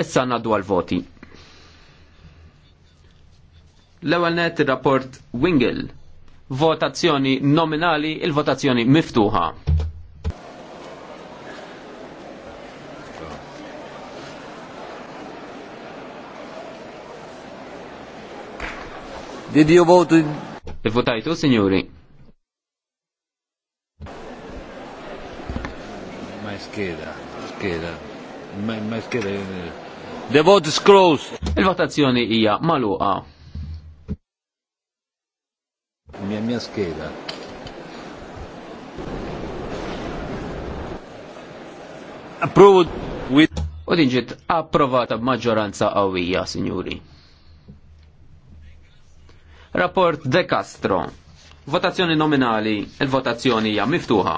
Issa naddu għal-voti. L-ewel net il-rapport Wingel. Votazzjoni nominali, il-votazzjoni miftuħa. Did you vote? in? Votajtu, signori. Ma scheda, scheda, ma scheda. Eh, The vote is closed. Il-votazzjoni hija maluqa. Mia mia scheda. Approved with U din ġiet approvata b'maġġoranza qawwija, sinjuri. Rapport De Castro. Votazzjoni nominali, il-votazzjoni hija miftuħa.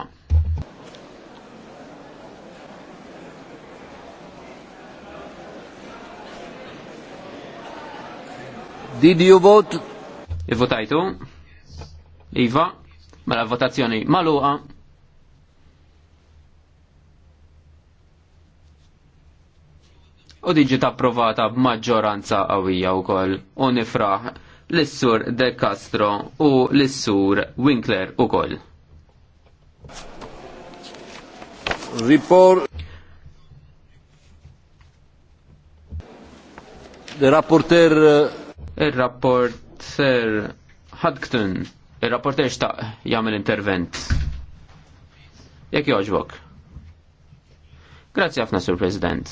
Did you vote? Ivvotajtu. Iva. Mela votazzjoni maluqa. U diġi approvata b'maġġoranza qawwija wkoll u nifraħ l-Sur De Castro u l-Sur Winkler ukoll. Report The rapporteur Il-rapport ser Hudgton, il-rapporter xtaq jagħmel intervent. Jekk joġbok. Grazzi ħafna, Sur President.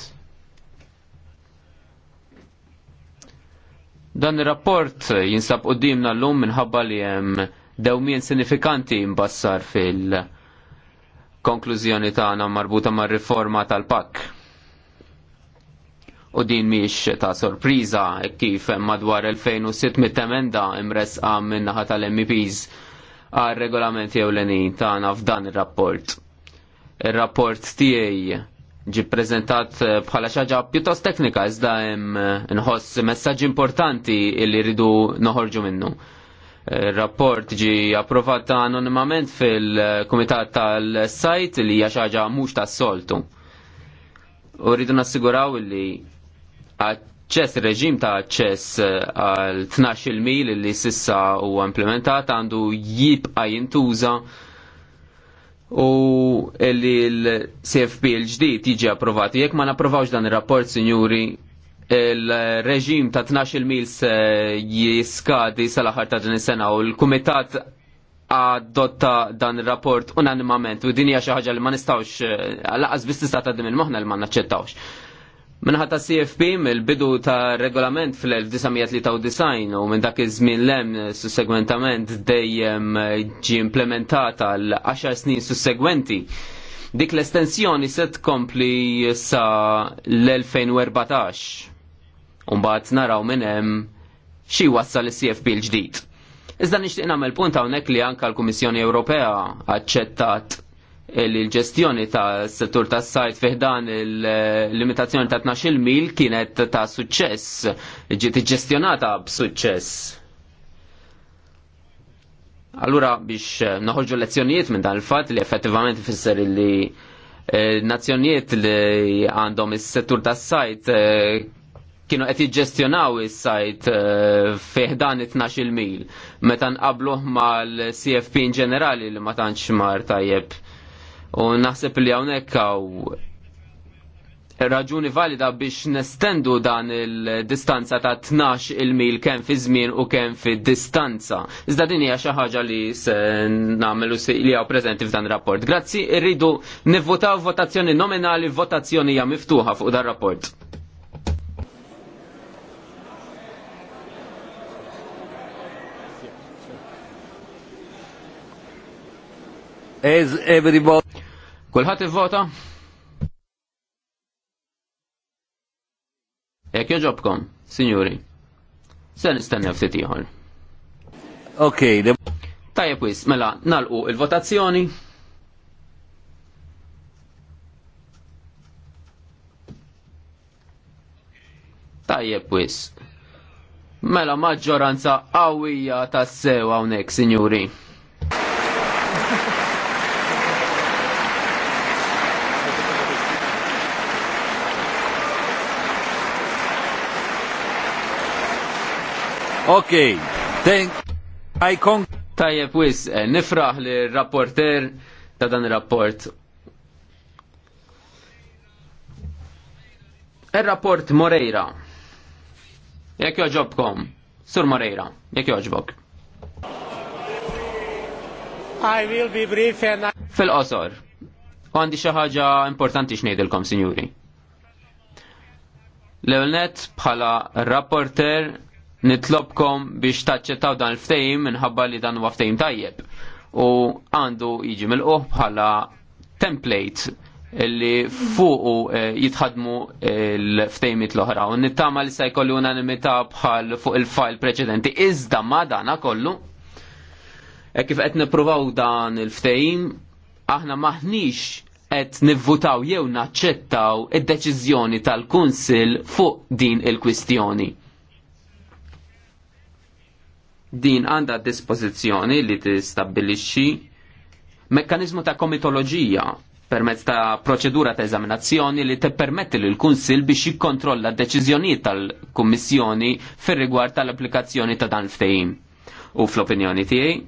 Dan ir-rapport jinsab qudiemna llum minħabba li hemm dewmien sinifikanti mbassar fil-konklużjoni tagħna marbuta mar-riforma tal pak u din miex ta' sorpriża kif madwar 2600 emenda imresqa min-naħa tal-MEPs għal regolamenti ewlenin tagħna f'dan ir-rapport. Ir-rapport tiegħi ġi prezentat bħala xaġa pjuttost teknika iżda hemm inħoss messaġġi importanti li rridu noħorġu minnu. Rapport ġi approvat anonimament fil-Kumitat tal-Sajt li hija xaġa mhux tas-soltu. U rridu nassiguraw li ċess reġim ta' aċċess eh, għal 12 mil li sissa huwa implementat għandu jibqa' jintuża u li l-CFP l-ġdid jiġi approvati. Jekk ma napprovawx dan ir-rapport, sinjuri, il-reġim ta' 12 mil se jiskadi sal-aħħar ta' din is-sena u l-kumitat adotta dan il-rapport unanimament u dinja xi ħaġa li ma nistgħux eh, laqas biss tista' taqdim il-moħħna li ma naċċettawx. Minħata CFP mill-bidu ta' regolament fl-1993 u minn dak iż-żmien lem sussegwentament dejjem ġi implementata l-10 snin sussegwenti. Dik l-estensjoni se tkompli sa l-2014. Umbagħad naraw minn hemm xi wassal is-CFP l-ġdid. Iżda nixtieq nagħmel punt hawnhekk li anke l-Kummissjoni Ewropea aċċettat il-ġestjoni ta' settur ta' sajt fiħdan il-limitazzjoni ta' 12 mil kienet ta' suċċess, ġiet ġestjonata b'suċċess. Allura biex noħorġu lezzjonijiet minn dan il-fat li effettivament fisser li eh, nazzjonijiet li għandhom is-settur tas sajt eh, kienu qed jiġġestjonaw is-sajt eh, fih dan it-12 mil meta ma' mal-CFP in ġenerali li ma tantx mar tajjeb U naħseb li hawnhekk għaw raġuni valida biex nestendu dan il-distanza ta' 12 il-mil kemm fi żmien u kemm fi distanza. Iżda din hija xi ħaġa li se nagħmlu li hawn preżenti f'dan rapport. Grazzi, irridu nivvotaw votazzjoni nominali, votazzjoni hija miftuħa fuq dan rapport. Is everybody Kulħadd ivvota? Jekk joġobkom, signori. Se nistennew ftit ieħor. Okej, okay, Tajjeb wis, mela nalqu il-votazzjoni. Tajjeb wis. Mela maġġoranza qawwija tas-sew hawnhekk, sinjuri. Ok, thank I con Tajjeb wis, eh, nifraħ li rapporter ta' dan ir rapport Il-rapport Moreira. Jek joġobkom, Sur Moreira, jek joġbok. I will be brief and I... Fil-qosor, għandi xi ħaġa importanti x'ngħidilkom, sinjuri. Leonet bħala rapporter Nitlobkom biex taċċettaw dan il ftejm minħabba li dan huwa ftejm tajjeb. U għandu jiġi mill-qoħ bħala template illi fuqu eh, jitħadmu l-ftejmit l-oħra. U nittama li se jkollu unanimità bħal fuq il-fajl preċedenti. Iżda ma dana kollu, e kif qed nippruvaw dan il ftejm aħna maħniex qed nivvutaw jew naċċettaw id-deċiżjoni tal-Kunsill fuq din il-kwistjoni. Din għandha dispożizzjoni li tistabbilixxi mekkanizmu ta' komitoloġija permezz ta' proċedura ta' eżaminazzjoni li tippermetti lil kunsil biex jikkontrolla deċiżjonijiet tal-Kummissjoni fir-rigward tal-applikazzjoni ta' dan ftehim. U fl-opinjoni tiegħi,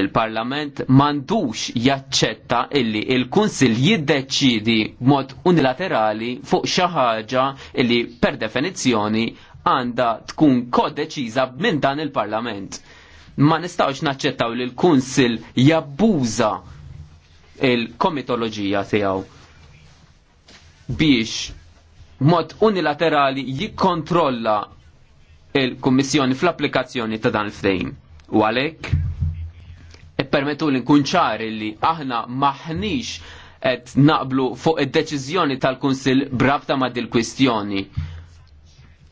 il-Parlament mandux jaċċetta illi il-Kunsil jiddeċidi b'mod unilaterali fuq xi ħaġa illi per definizzjoni għandha tkun kodeċiża minn dan il-Parlament. Ma nistgħux naċċettaw li l-Kunsil jabbuża il-komitoloġija tiegħu biex mod unilaterali jikkontrolla il-Kummissjoni fl-applikazzjoni ta' dan il-ftehim. U għalhekk e permettu li nkun ċari li aħna maħniex qed naqblu fuq id-deċiżjoni tal-Kunsill brabta ma' dil-kwistjoni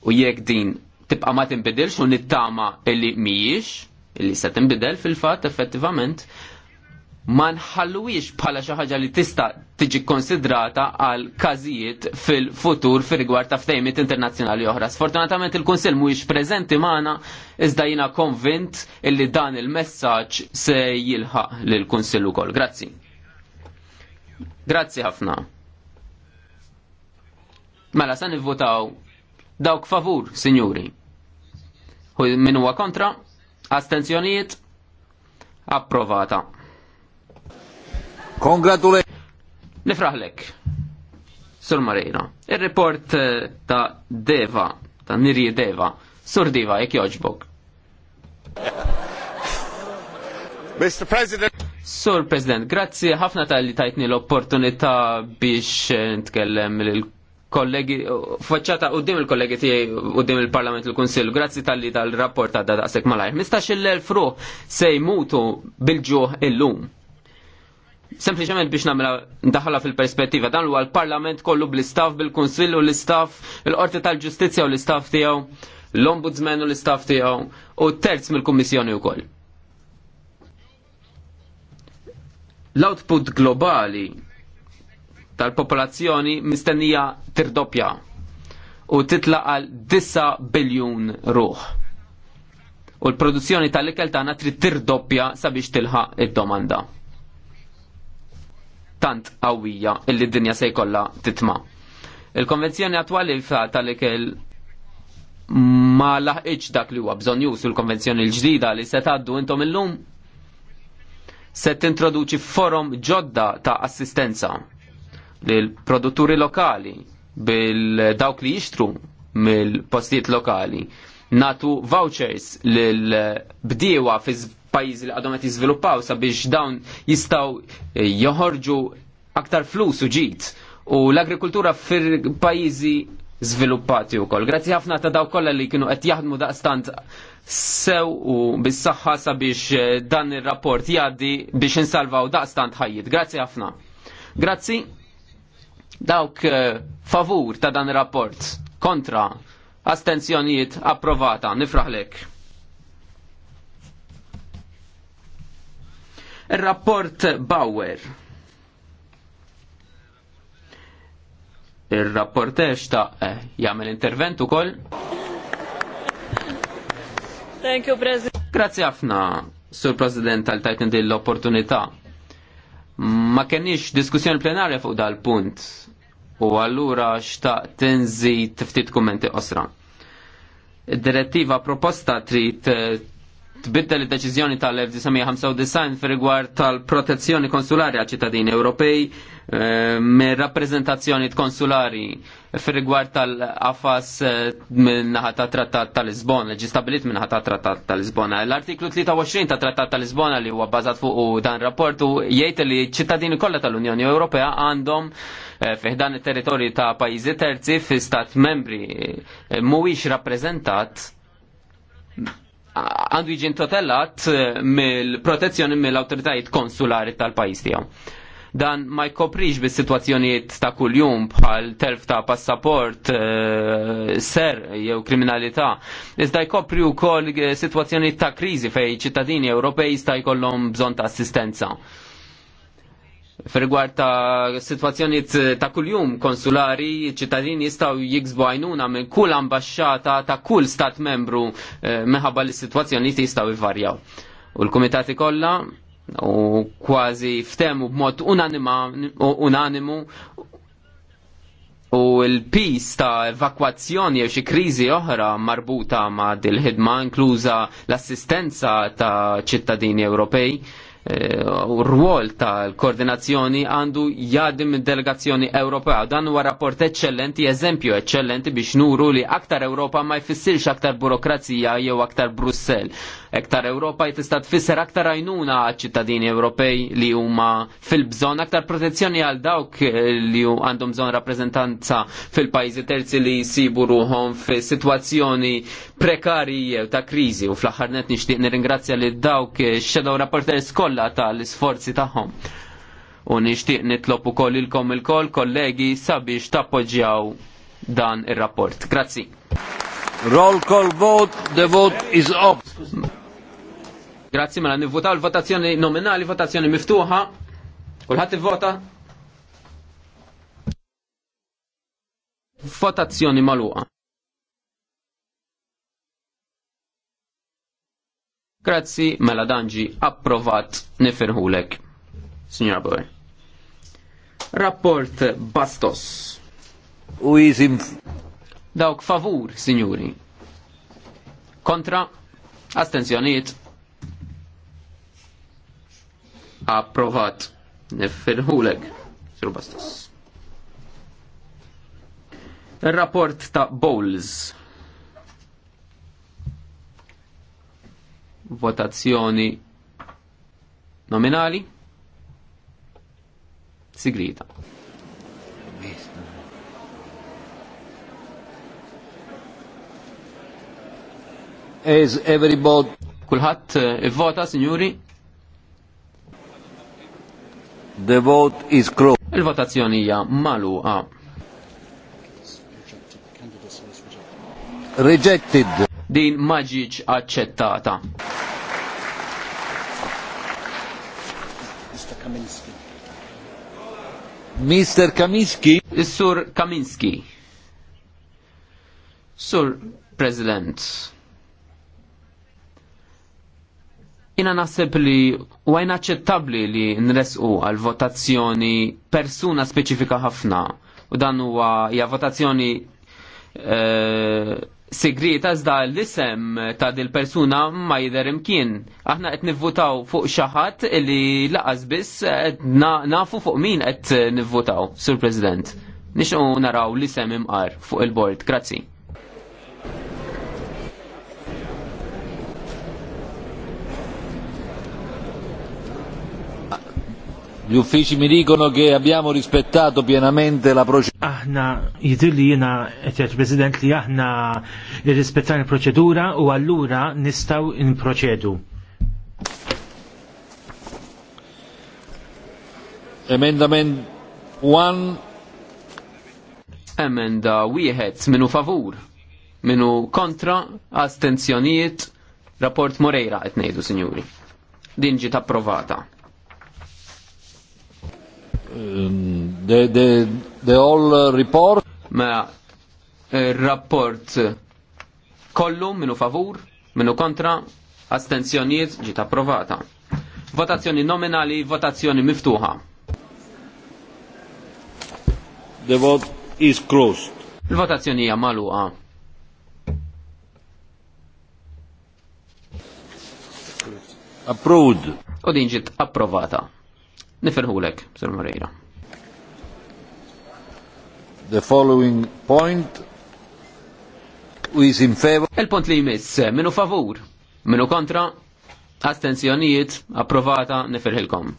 U jekk din tibqa ma tinbidilx u nittama illi mhijiex, illi se tinbidel fil-fatt effettivament, ma nħalluwix bħala xi ħaġa li tista' tiġi konsidrata għal każijiet fil-futur fir rigward ta' ftehimiet internazzjonali oħra. Sfortunatament il-Kunsill mhuwiex preżenti magħna iżda jiena konvint illi dan il-messaġġ se jilħaq lil kunsill ukoll. Grazzi. Grazzi ħafna. Mela se nivvotaw Dawk favur, sinjuri. U min huwa kontra? Astenzjonijiet? Approvata. Kongratulej. Nifraħlek. Sur Marina. Il-report eh, ta' Deva, ta' Nirje Deva. Sur Deva, jek joġbok. Mr. President. Sur President, grazzi ħafna tal-li tajtni l-opportunità biex eh, nitkellem l kollegi, faċċata u dim il-kollegi tijaj u dim il-parlament il-konsil, grazzi tal-li tal-rapport ta' da' sekk malajr. Mistax il-elf ruħ se jmutu bil-ġuħ il-lum. Sempliċement biex namela daħla fil-perspettiva, dan huwa l-parlament kollu bl-istaff bil-konsil u l-istaff, il-qorti tal-ġustizja u l-istaff tijaw, l-ombudsman u l istaf tijaw, u terz mill-kommissjoni u koll. L-output globali tal-popolazzjoni mistennija tirdoppja u titla għal 9 biljun ruħ. U l-produzzjoni tal-ikel tagħna trid tirdoppja sabiex tilħaq id-domanda. Tant qawwija illi d-dinja se jkollha titma'. Il-konvenzjoni attwali tal-ikel ma laħqitx dak li huwa bżonn jus il-konvenzjoni l-ġdida li se tgħaddu intom illum se tintroduċi forum ġodda ta' assistenza l produtturi lokali bil dawk li jixtru mill-postijiet lokali natu vouchers l bdiewa fi pajjiżi li għadhom qed jiżviluppaw sabiex dawn jistgħu eh, joħorġu aktar flus u ġid u l-agrikultura fil pajjiżi żviluppati wkoll. Grazzi ħafna ta' daw kollha li kienu qed jaħdmu daqstant sew u bis-saħħa sabiex eh, dan ir-rapport jgħaddi biex insalvaw daqstant ħajjit. Grazzi ħafna. Grazzi. Dawk eh, favur ta' dan rapport kontra astenzjonijiet approvata. Nifraħlek. Il-rapport Bauer. Il-rapportex ta' eh, jagħmel intervent ukoll. Thank you, President. Grazzi ħafna, Sur President, tal tajt l opportunità Ma kenix diskussjoni plenarja fuq dal-punt u allura xtaq tinżid ftit kummenti osra. Id-direttiva proposta trid tbiddel id-deċiżjoni tal-1995 fir rigward tal-protezzjoni konsulari għal ċittadini Ewropej eh, me rappresentazzjoni konsulari fir rigward tal-afas eh, minn ta' trattat tal-Lisbona, ġi stabilit minnaħa ta' trattat tal-Lisbona. L-artiklu 23 ta' trattat tal-Lisbona li huwa bazat fuq dan rapportu jgħid li ċittadini kollha tal-Unjoni Ewropea għandhom eh, fiħdan it-territorju ta' pajjiżi terzi fi stat membri mhuwiex rappreżentat għandu jiġi intotellat eh, mill-protezzjoni mill-autoritajiet konsulari tal-pajis tiegħu. Dan ma jkoprix bis situazzjonijiet ta' kuljum bħal telf ta' passaport, eh, ser jew kriminalità, iżda jkopri wkoll eh, situazzjonijiet ta' kriżi fej ċittadini Ewropej jista' jkollhom bżonn ta' assistenza Fergwar ta' situazzjoni eh, ta' kuljum konsulari, ċittadini jistaw jiksbu għajnuna minn kull ambasċata ta' kull stat membru eh, meħabba li situazzjoni jistaw jivarjaw. U l-komitati kolla u kważi ftemu b'mod unanimu u l-pis ta' evakwazzjoni jew xi kriżi oħra marbuta ma' dil-ħidma inkluża l-assistenza ta' ċittadini Ewropej Eh, rwol tal-koordinazzjoni għandu jadim delegazzjoni Ewropea. Dan huwa rapport eccellenti, eżempju eccellenti biex nuru li aktar Ewropa ma jfissirx aktar burokrazija jew aktar Brussel. Ektar Ewropa tista' tfisser aktar għajnuna għal ċittadini Ewropej li huma fil-bżonn aktar protezzjoni għal dawk li għandhom bżonn rappreżentanza fil pajzi terzi li jsibu ruhom f'sitwazzjoni prekarji ta' kriżi u fl-aħħar net nixtieq nirringrazzja lil dawk x-shadow rapporters kollha tal-isforzi tagħhom. U nixtieq nitlob ukoll ilkom koll kollegi sabiex tappoġġjaw dan ir-rapport. Grazzi. Roll call vote, the vote is up. Grazzi mela nivvotaw l-votazzjoni nominali, votazzjoni miftuħa. Kulħadd ivvota? Votazzjoni magħluqa. Grazzi mela danġi approvat nifirħulek. Signora Boy. Rapport Bastos. U Dawk favur, signori, Kontra, astenzjoniet. Approvat. Nifirħulek. Sur bastas. Il-rapport ta' Bowles. Votazzjoni nominali. Sigrita. Is everybody... Kulħadd eh, ivvota, sinjuri? The vote is closed. Il-votazzjoni hija magħluqa. Rejected. Din ma accettata Mr. Kaminski. Mr. Kaminski? Is-sur Kaminski. Sur President. Jina naħseb li u għajna ċettabli li nresqu għal votazzjoni persuna speċifika ħafna u dan huwa hija votazzjoni e, segreta iżda l-isem ta' dil persuna ma jider imkien. Aħna qed nivvutaw fuq xi ħadd li laqas biss nafu fuq min qed nivvutaw, Sur President. Nixqu naraw l-isem imqar fuq il-bord. Grazzi. Gli uffici mi dicono che abbiamo rispettato pienamente la procedura. Aħna jidilli jina etjaġ President li aħna rispettajna il proċedura u allura nistaw in-proċedu. Emendament 1. Emenda wieħed minu favur, minu kontra, astenzjonijiet, rapport Moreira etnejdu, signori. Din ġiet approvata. Um, the, the, the all uh, report. Ma, il-rapport eh, eh, kollu minu favur, minu kontra, astenzjoniet ġiet approvata. Votazzjoni nominali, votazzjoni miftuħa. The vote is closed. Il-votazzjoni hija magħluqa. Approved. U din ġiet approvata. Nifirhulek, Sir Moreira. The following point is in favor. Il-punt li jmiss, minu favur, minu kontra, astenzjonijiet, approvata, nifirħilkom.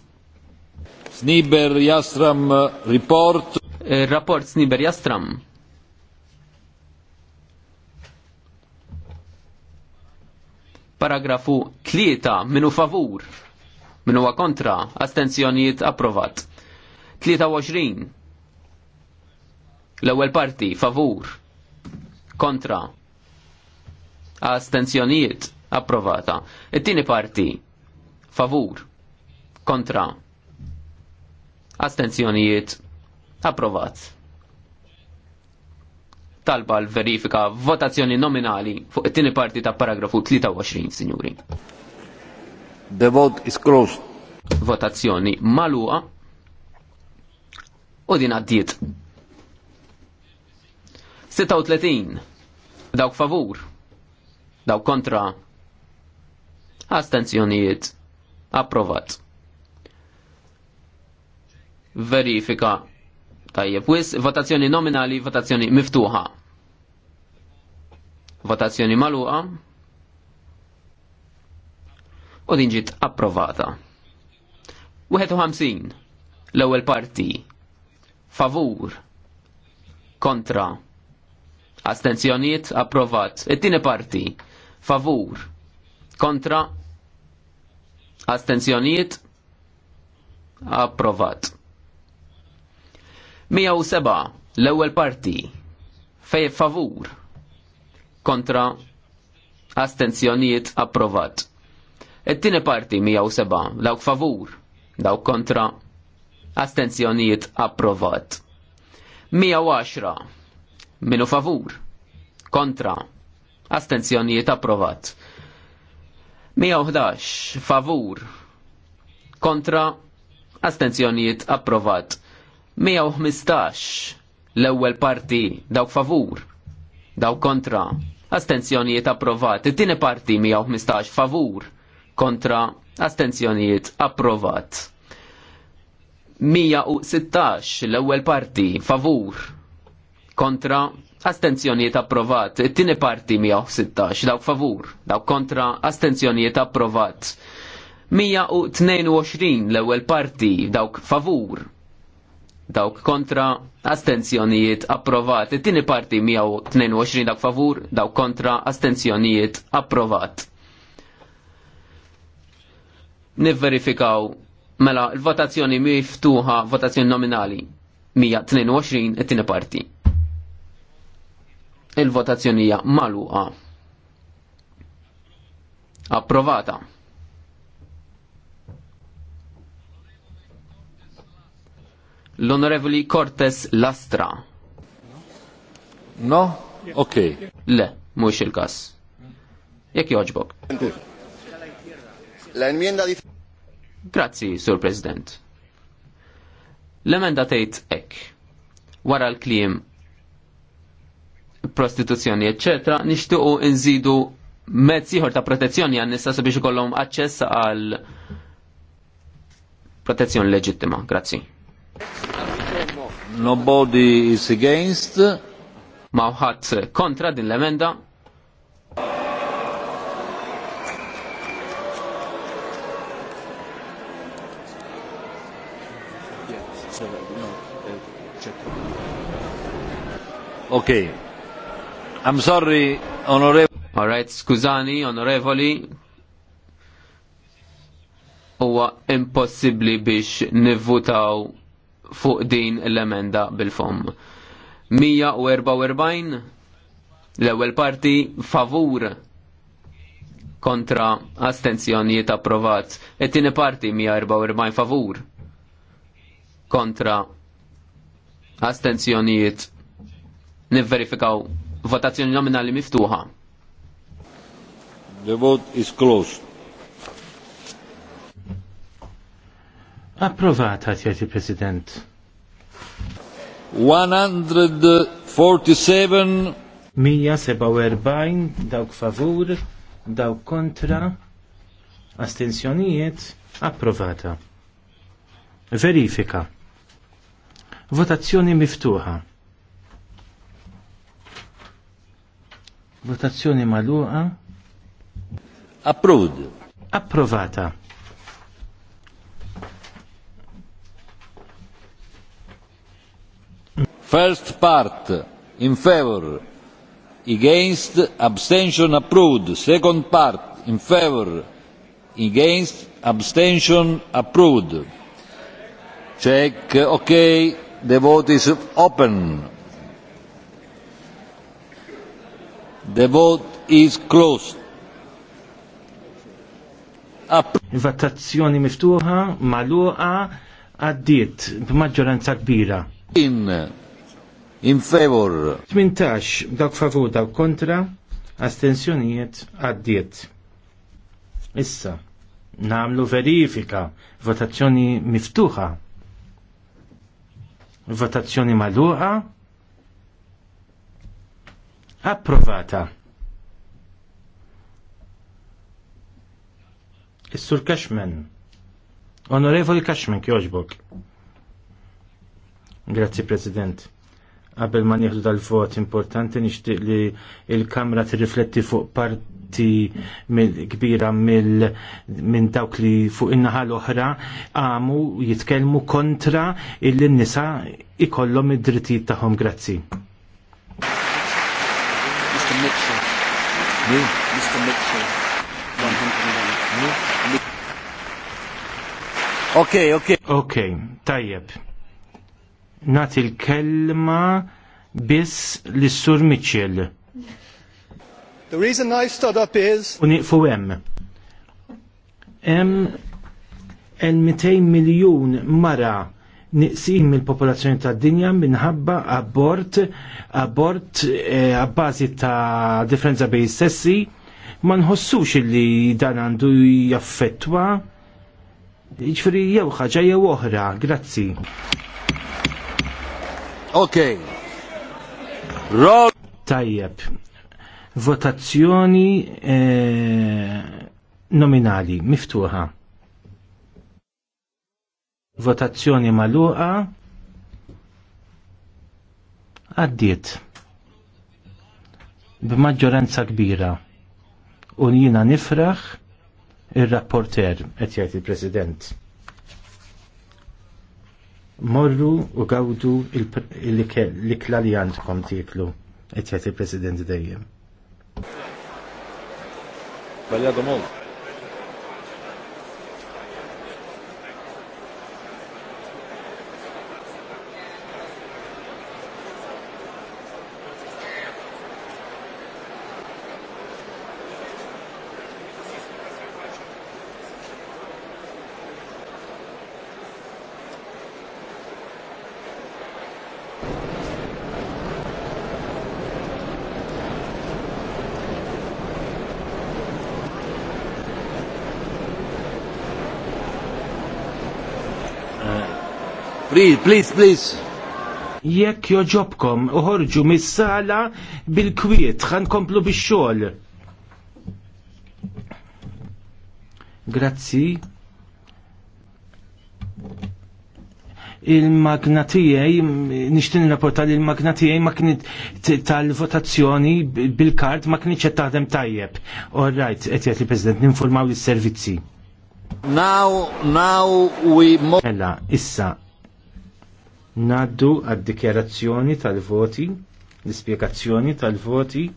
Sniber Jastram report. Eh, rapport Sniber Jastram. Paragrafu 3 minu favur Min huwa kontra, astenzjonijiet approvat. 23. L-ewwel parti, favur. Kontra. Astenzjonijiet approvata. It-tieni parti, favur. Kontra. Astenzjonijiet approvat. Talba l-verifika votazzjoni nominali fuq it-tieni parti ta' paragrafu 23, sinjuri. The vote is closed. Votazzjoni maluqa u din għaddiet. 36 dawk favur, dawk kontra, astenzjonijiet, approvat. Verifika tajjeb wis, votazzjoni nominali, votazzjoni miftuħa. Votazzjoni maluqa u din ġiet approvata. 51 l-ewwel parti favur kontra astenzjonijiet approvat. It-tieni parti favur kontra astenzjonijiet approvat. 107 l-ewwel parti fej favur kontra astenzjonijiet approvat. It-tieni parti seba' dawk favur, dawk kontra astenzjonijiet approvat. 110 minu favur, kontra astenzjonijiet approvat. 111 favur, kontra astenzjonijiet approvat. 115 l-ewwel parti dawk favur, dawk kontra astenzjonijiet approvat. It-tieni parti 115 favur, kontra astenzjonijiet approvat. 116 l-ewwel parti favur kontra astenzjonijiet approvat. It-tieni parti 116 dawk favur, dawk kontra astenzjonijiet approvat. 122 l-ewwel parti dawk favur, dawk kontra astenzjonijiet approvat. It-tieni parti 122 dawk favur, dawk kontra astenzjonijiet approvat nivverifikaw mela l-votazzjoni miftuħa votazzjoni nominali 122 it-tieni parti. Il-votazzjoni hija magħluqa. Approvata. L-Onorevoli Cortes Lastra. No? Ok. Le, mhux il-każ. Jekk joġbok enmienda Grazzi, Sur President. L-emenda tgħid hekk. Wara l-kliem prostituzzjoni, eccetera, nixtiequ nżidu mezz ieħor ta' protezzjoni għan nisa sabiex ikollhom aċċess għal protezzjoni leġittima. Grazzi. Nobody is against. Ma' kontra din l-emenda. Okay. I'm sorry, onorevoli. right, skużani, onorevoli. Huwa impossibbli biex nivvutaw fuq din l-emenda bil-fom. 144 l-ewwel parti favur kontra astenzjonijiet approvat. It-tieni parti 144 favur kontra astenzjonijiet nivverifikaw votazzjoni nominali miftuħa. The vote is closed. Approvata, tjati President. 147 147 dawk favur, dawk kontra, astensjonijiet, approvata. Verifika. Votazzjoni miftuħa. Votazzjoni maluqa. Approved. Approvata. First part in favor against abstention approved second part in favor against abstention approved check okay the vote is open The vote is closed. Votazzjoni miftuħa, maluqa, għaddiet b'maġġoranza kbira. In, in favor. 18, dak favur, dak kontra, astensjonijiet għaddiet. Issa, namlu verifika, votazzjoni miftuħa. Votazzjoni maluqa, Approvata. Is-Sur Cashman. Onorevoli Cashman, kjoġbok. Grazzi, President. Qabel ma nieħdu dal-vot importanti nixtieq li il-Kamra tirrifletti fuq parti mil kbira minn dawk li fuq in-naħa l-oħra għamu jitkellmu kontra il-nisa ikollhom id-drittijiet tagħhom. Grazzi. No. Mr. Mitchell. Ok, ok. Ok, tajjeb. Nat il-kelma bis l-sur Mitchell. The reason I stood up is... Uniqfu Em, el 200 miljun mara niqsin mill-popolazzjoni tad dinja minħabba abort, abort għabbażi eh, ta' differenza bej sessi, ma nħossux li dan għandu jaffettwa. Ġifri jew ħaġa jew oħra, grazzi. Ok. Roll. Tajjeb. Votazzjoni eh, nominali, miftuħa votazzjoni maluqa għaddiet b'maġġoranza kbira u jina nifraħ ir-rapporter qed jgħid il-President. Morru u gawdu l-ikla li għandkom tiklu qed jgħid il-President dejjem. Bella domanda. Please, please, please. Jekk joġobkom uħorġu mis-sala bil-kwiet, ħan komplu bix-xogħol. Grazzi. il-magnatijaj, nishtin rapporta li il-magnatijaj ma kienet tal-votazzjoni bil-kart ma kienet ċettaħdem tajjeb. All right, etjet li President, ninformaw il-servizzi. Now, now we... Ella, issa, Naddu għad-dikjarazzjoni tal-voti, l-ispjegazzjoni tal-voti.